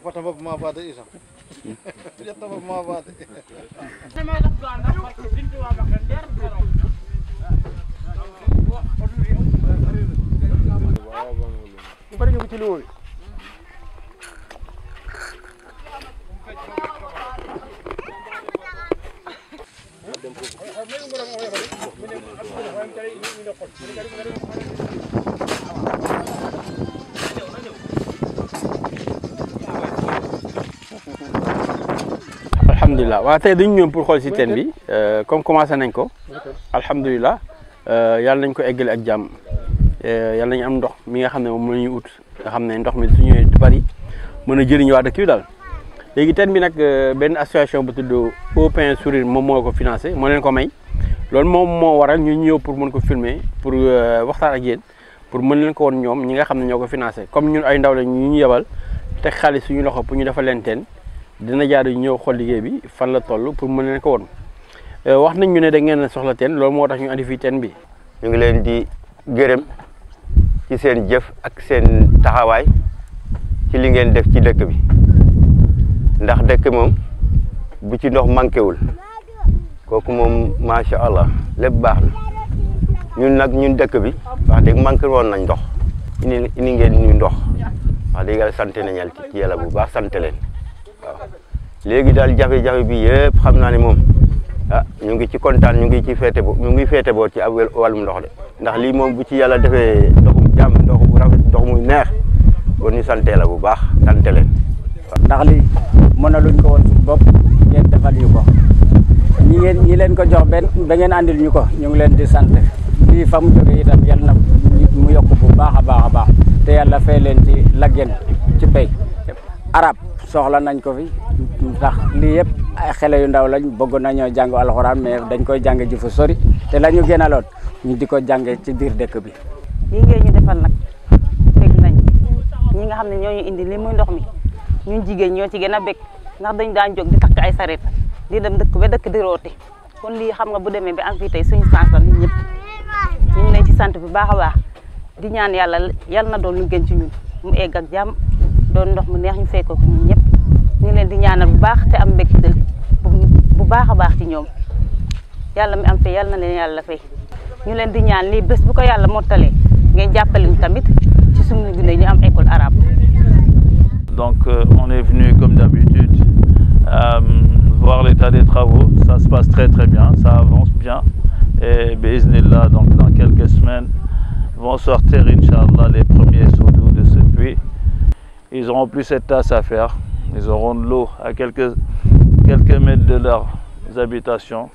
Patampa pa mga bata isa. Patampa pa mga bata. Sa mga kapgana, pag sintuwa ka, kandiyar, pero... alhamdulilah waaw tey dañu ñëw pour xool si teen bi comme commencé nañ ko alhamdulilah yàlla nañ ko eggale ak jàmm yàlla nañu am ndox mi nga xam ne moom la ñuy ut nga xam ne ndox mi su ñëwee du bari mën a jëriñ waa dëkk bi daal léegi teen bi nag euh, benn association ba tudd Au Pain Sourire moom moo ko financé moo leen ko may loolu moom moo waral ñu ñëw pour mën ko filmer pour euh, waxtaan ak yéen pour mën leen ko woon ñoom ñi nga xam ne ñoo ko financé comme ñun ay ndaw la ñu ñu yebal teg xaalis suñu loxo pour ñu dafa leen teen dina jaar yu ñëw xool liggéey bi fan la toll pour mën leen ko woon euh, wax nañ ñu ne da ngeen soxla teen loolu moo tax ñu andi fii teen bi. ñu ngi leen di gërëm ci seen jëf ak seen taxawaay ci li def ci dëkk bi. ndax dëkk moom bu ci ndox manquéwul kooku ma macha allah lépp baax na ñun nag ñun dëkk bi wax dëgg manqué woon nañ ndox indi indi ngeen ñu ndox wax dëgg yàlla sant nañ yàlla ci yàlla bu baax sant len waaw léegi daal jafe bi yëpp xam ni ne ah ñu ngi ci kontaan ñu ngi ci féete bo ñu ngi féete bo ci ab wàllum ndox de ndax lii moom bu ci yàlla defee ndoxum jàmm ndox bu rafet ndox mu neex kon ñu la bu baax sante len ndax lii mënaluñ ko woon suñu bopp ngeen defal ñu ko ñi ngeen ñi leen ko jox benn ba ngeen àndil ñu ko ñu ngi leen di sant lii fa mu jógee itam yal na mu yokk bu baax a baax a baax te yàlla fay leen ci laggeen ci pay arab soxla nañ ko fi ndax lii yëpp ay xele yu ndaw lañ bëgg nañoo jàng alxuraan me dañ koy jàng ji fu sori te la ñu gënaloon ñu di ko jànge ci biir dëkk bi lii ngeen defal nag ñi nga xam ne ñoo indi li muy ndox mi ñu jigéen ñoo ci gën a bég ndax dañ daan jóg di takk ay saret di dem dëkk ba dëkk di rooti kon lii xam nga bu demee ba am fii tey suñu chance la ñun ñëpp ñu ngi leen ci sant bu baax a baax di ñaan yàlla yal na doon lu gën ci ñun mu egg ak jàmm doon ndox mu neex ñu fekk ko ñëpp ñu ngi leen di ñaanal bu baax te am mbégte bu baax a baax ci ñoom yàlla mi am yàlla na leen yàlla fay ñu leen di ñaan lii bés bu ko yàlla mottalee ngeen jàppale tamit ci suñu dundee ñu am école arabe. donc euh, on est venu comme d'habitude euh, voir l'état des travaux. Ça se passe très très bien, ça avance bien. Et Béznillah, donc dans quelques semaines, vont sortir, Inch'Allah, les premiers d'eau de ce puits. Ils n'auront plus cette tasse à faire. Ils auront de l'eau à quelques, quelques mètres de leurs habitations.